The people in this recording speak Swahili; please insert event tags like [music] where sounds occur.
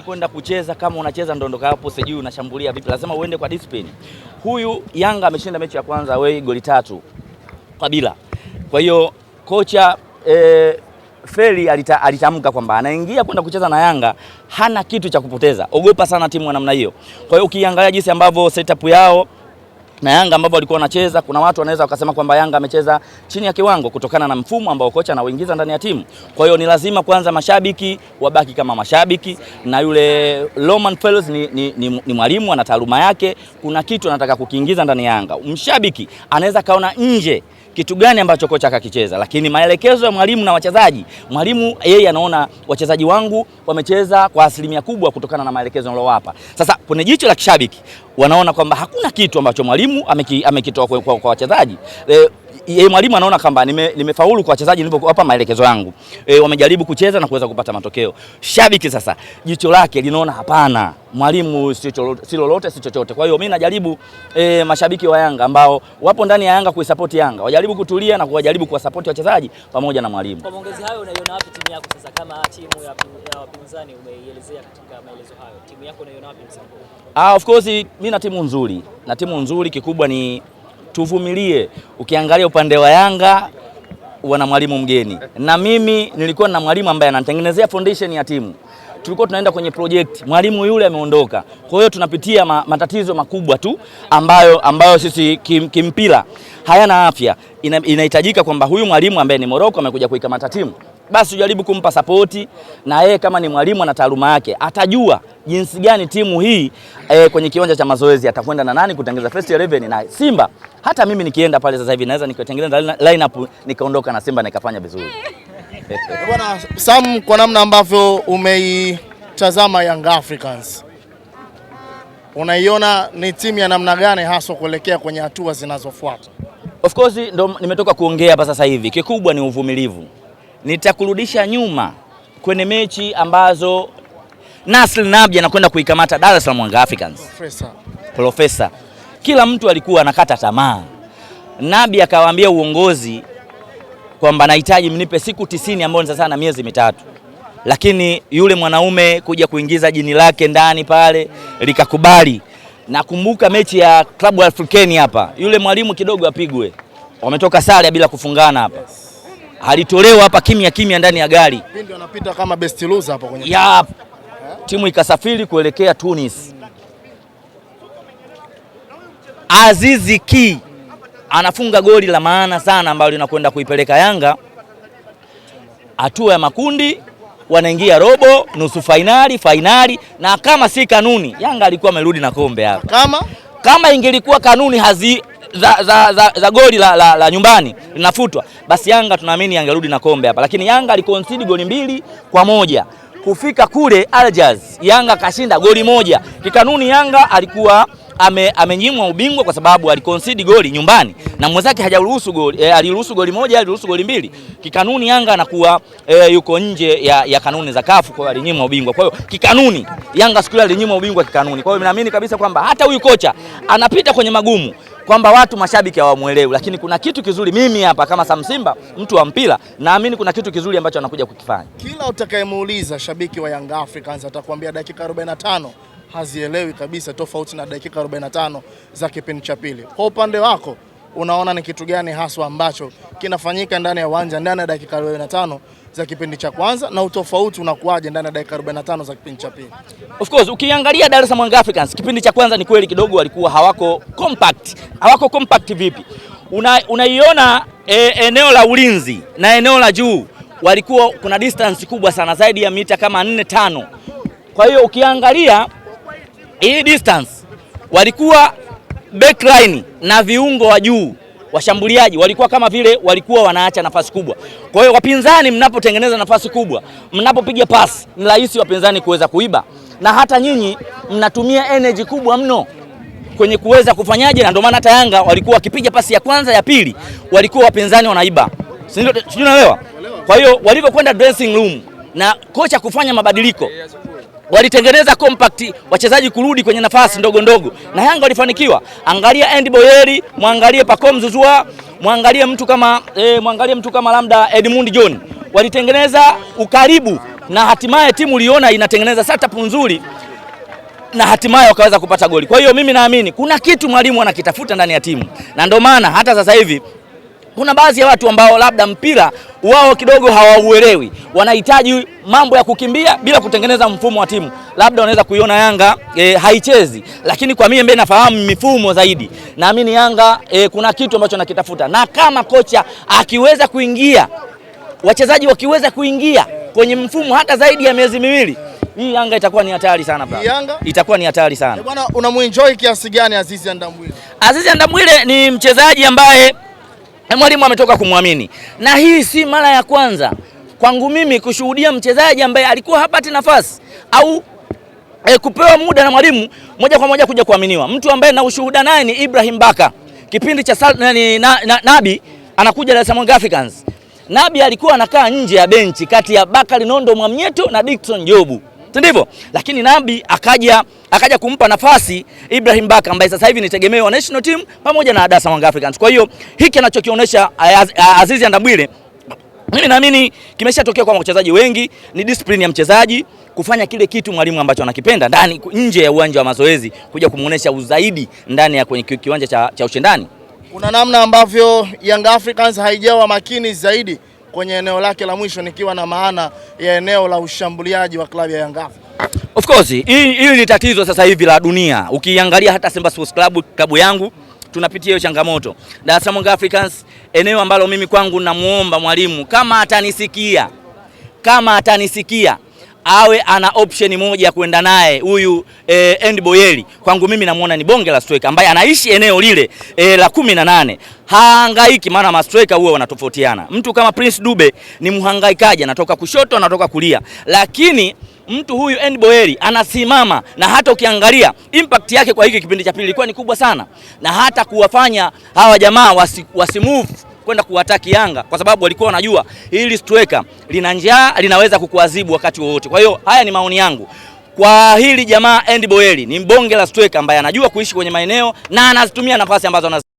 huwezi kwenda kucheza kama unacheza ndondoka hapo, sijui unashambulia vipi, lazima uende kwa discipline. Huyu Yanga ameshinda mechi ya kwanza wei goli tatu kwa bila. Kwa hiyo kocha e, Feli alita, alitamka kwamba anaingia kwenda kucheza na Yanga, hana kitu cha kupoteza. Ogopa sana timu ya namna hiyo. Kwa hiyo ukiangalia jinsi ambavyo setup yao na Yanga ambao walikuwa wanacheza, kuna watu wanaweza wakasema kwamba Yanga amecheza chini ya kiwango kutokana na mfumo ambao kocha anauingiza ndani ya timu. Kwa hiyo ni lazima kwanza mashabiki wabaki kama mashabiki, na yule Roman Fellows ni, ni, ni, ni mwalimu ana taaluma yake, kuna kitu anataka kukiingiza ndani ya Yanga. Mshabiki anaweza kaona nje kitu gani ambacho kocha akakicheza, lakini maelekezo ya mwalimu na wachezaji, mwalimu yeye anaona wachezaji wangu wamecheza kwa asilimia kubwa kutokana na maelekezo niliyowapa. Sasa kwenye jicho la kishabiki, wanaona kwamba hakuna kitu ambacho mwalimu mwalimu amekitoa kwa wachezaji. Eh, yeye eh, eh, mwalimu anaona kwamba nime, nimefaulu kwa wachezaji nilipowapa maelekezo yangu e, wamejaribu kucheza na kuweza kupata matokeo. Shabiki sasa jicho lake linaona hapana, mwalimu si lolote si chochote. Kwa hiyo mimi najaribu e, mashabiki wa Yanga ambao wapo ndani ya Yanga kuisapoti Yanga wajaribu kutulia na kuwajaribu kuwasapoti wachezaji pamoja na mwalimu. Kwa maongezi hayo, unaiona wapi timu yako sasa? Kama timu ya wapinzani umeielezea katika maelezo hayo, timu yako unaiona wapi msimu huu? Ah, of course mimi na timu nzuri na timu nzuri, kikubwa ni tuvumilie. Ukiangalia upande wa Yanga wana mwalimu mgeni, na mimi nilikuwa na mwalimu ambaye anatengenezea foundation ya timu tulikuwa tunaenda kwenye project, mwalimu yule ameondoka. Kwa hiyo tunapitia ma, matatizo makubwa tu ambayo, ambayo sisi kim, kimpira hayana afya. Inahitajika kwamba huyu mwalimu ambaye ni Moroko amekuja kuikamata timu basi ujaribu kumpa sapoti, na yeye kama ni mwalimu ana taaluma yake, atajua jinsi gani timu hii e, kwenye kiwanja cha mazoezi atakwenda na nani kutengeneza first 11 na Simba. Hata mimi nikienda pale sasa hivi naweza nikatengeneza lineup nikaondoka na Simba nikafanya vizuri. [laughs] Bwana Sam, kwa namna ambavyo umeitazama Young Africans unaiona ni timu ya namna gani haswa kuelekea kwenye hatua zinazofuata? Of course ndo nimetoka kuongea hapa sasa hivi, kikubwa ni uvumilivu nitakurudisha nyuma kwenye mechi ambazo Nasri Nabi anakwenda kuikamata Dar es Salaam Young Africans. Profesa. Profesa. Kila mtu alikuwa anakata tamaa. Nabi akawaambia uongozi kwamba nahitaji mnipe siku tisini ambayo ni sasa na miezi mitatu, lakini yule mwanaume kuja kuingiza jini lake ndani pale likakubali. Nakumbuka mechi ya klabu Afrikeni hapa, yule mwalimu kidogo apigwe, wametoka sare bila kufungana hapa yes alitolewa hapa kimya kimya ndani ya gari, pindi anapita kama best loser hapa kwenye ya timu ikasafiri kuelekea Tunis. Azizi Ki anafunga goli la maana sana ambalo linakwenda kuipeleka Yanga hatua ya makundi, wanaingia robo, nusu fainali, fainali. Na kama si kanuni, Yanga alikuwa amerudi na kombe hapa. Kama, kama ingelikuwa kanuni hazi za, za, za, za goli la, la, la nyumbani linafutwa, basi Yanga tunaamini angerudi na kombe hapa, lakini Yanga alikonsidi goli mbili kwa moja kufika kule Aljaz, Yanga kashinda goli moja. Kikanuni Yanga alikuwa ame, amenyimwa ubingwa kwa sababu alikonsidi goli nyumbani na mwenzake hajaruhusu goli e, aliruhusu goli moja, aliruhusu goli mbili. Kikanuni Yanga anakuwa e, yuko nje ya, ya kanuni za kafu kwa alinyimwa ubingwa. Kwa hiyo kikanuni Yanga siku ile alinyimwa ubingwa kikanuni. Kwa hiyo mimi naamini kabisa kwamba hata huyu kocha anapita kwenye magumu kwamba watu mashabiki hawamuelewi, lakini kuna kitu kizuri. Mimi hapa kama Samsimba, mtu wa mpira, naamini kuna kitu kizuri ambacho anakuja kukifanya. Kila utakayemuuliza shabiki wa Young Africans atakwambia dakika 45 hazielewi kabisa, tofauti na dakika 45 za kipindi cha pili. Kwa upande wako unaona ni kitu gani haswa ambacho kinafanyika ndani ya uwanja ndani ya dakika 45 za kipindi cha kwanza na utofauti unakuwaje ndani ya dakika 45 za kipindi cha pili. Of course ukiangalia Dar es Salaam Young Africans kipindi cha kwanza ni kweli kidogo walikuwa hawako compact. Hawako compact vipi? Unaiona e, eneo la ulinzi na eneo la juu walikuwa kuna distance kubwa sana zaidi ya mita kama 4 5. Kwa hiyo ukiangalia hii distance walikuwa backline na viungo wa juu washambuliaji walikuwa kama vile walikuwa wanaacha nafasi kubwa. Kwa hiyo wapinzani, mnapotengeneza nafasi kubwa, mnapopiga pasi, ni rahisi wapinzani kuweza kuiba, na hata nyinyi mnatumia energy kubwa mno kwenye kuweza kufanyaje, na ndio maana hata Yanga walikuwa wakipiga pasi ya kwanza ya pili, walikuwa wapinzani wanaiba, sijui unaelewa. Kwa hiyo walivyokwenda dressing room na kocha kufanya mabadiliko, walitengeneza compact wachezaji kurudi kwenye nafasi ndogo ndogo, na Yanga walifanikiwa. Angalia Andy Boyeri, mwangalie Pacome Zouzoua, mwangalie mtu kama e, mwangalie mtu kama labda Edmund John, walitengeneza ukaribu na hatimaye timu uliona inatengeneza setup nzuri na hatimaye wakaweza kupata goli. Kwa hiyo mimi naamini kuna kitu mwalimu anakitafuta ndani ya timu, na ndio maana hata sasa hivi kuna baadhi ya watu ambao labda mpira wao kidogo hawauelewi, wanahitaji mambo ya kukimbia bila kutengeneza mfumo wa timu. Labda wanaweza kuiona Yanga e, haichezi, lakini kwa mimi ambaye nafahamu mifumo zaidi, naamini Yanga e, kuna kitu ambacho nakitafuta, na kama kocha akiweza kuingia, wachezaji wakiweza kuingia kwenye mfumo hata zaidi ya miezi miwili hii Yanga itakuwa ni hatari sana bro. Yanga itakuwa ni hatari sana. E bwana unamuenjoy kiasi gani Azizi Andambwile? Azizi Andambwile ni mchezaji ambaye Eh, mwalimu ametoka kumwamini, na hii si mara ya kwanza kwangu mimi kushuhudia mchezaji ambaye alikuwa hapati nafasi au e, kupewa muda na mwalimu moja kwa moja kuja kuaminiwa. Mtu ambaye na ushuhuda naye ni Ibrahim Baka, kipindi cha sal, nani, na, na, Nabi anakuja Dar es Salaam Africans. Nabi alikuwa anakaa nje ya benchi kati ya Bakari Nondo Mwamnyeto na Dickson Jobu si ndivyo? Lakini Nabi akaja akaja kumpa nafasi Ibrahim Baka ambaye sasa hivi ni tegemeo national team pamoja na Adasa Young Africans. Kwa hiyo hiki anachokionyesha eh, eh, Azizi Ndambwile mimi naamini kimeshatokea kwa wachezaji wengi, ni discipline ya mchezaji kufanya kile kitu mwalimu ambacho anakipenda ndani nje ya uwanja wa mazoezi, kuja kumuonesha uzaidi ndani ya kwenye kiwanja cha, cha ushindani. Kuna namna ambavyo Young Africans haijawa makini zaidi kwenye eneo lake la mwisho, nikiwa na maana ya eneo la ushambuliaji wa klabu ya Yanga Of course hili ni tatizo sasa hivi la dunia, ukiangalia hata Simba Sports Club, klabu yangu tunapitia hiyo changamoto. Dar es Salaam Africans, eneo ambalo mimi kwangu namuomba mwalimu kama atanisikia, kama atanisikia awe ana option moja ya kwenda naye huyu e, End Boyeli kwangu mimi namuona ni bonge la striker ambaye anaishi eneo lile e, la kumi na nane. Hahangaiki, maana mastrika huwa wanatofautiana. Mtu kama Prince Dube ni mhangaikaji, anatoka kushoto, anatoka kulia, lakini mtu huyu End Boyeli anasimama, na hata ukiangalia impact yake kwa hiki kipindi cha pili ilikuwa ni kubwa sana, na hata kuwafanya hawa jamaa wasi, kwenda kuwataki Yanga kwa sababu walikuwa wanajua hili striker lina njaa, linaweza kukuadhibu wakati wowote. Kwa hiyo haya ni maoni yangu kwa hili jamaa Andy Boyeli ni mbonge la striker ambaye anajua kuishi kwenye maeneo na anazitumia nafasi ambazo anazitumia.